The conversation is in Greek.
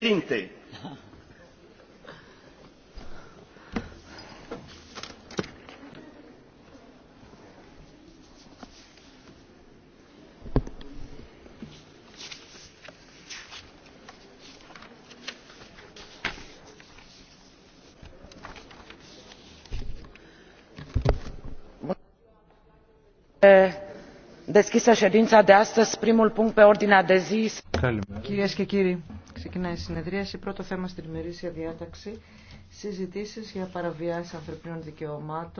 Presidente. deschisă ședința de astăzi primul punct pe ordinea de zi. Ξεκινάει η συνεδρίαση. Πρώτο θέμα στην ημερήσια διάταξη. Συζητήσεις για παραβιάσεις ανθρωπίνων δικαιωμάτων.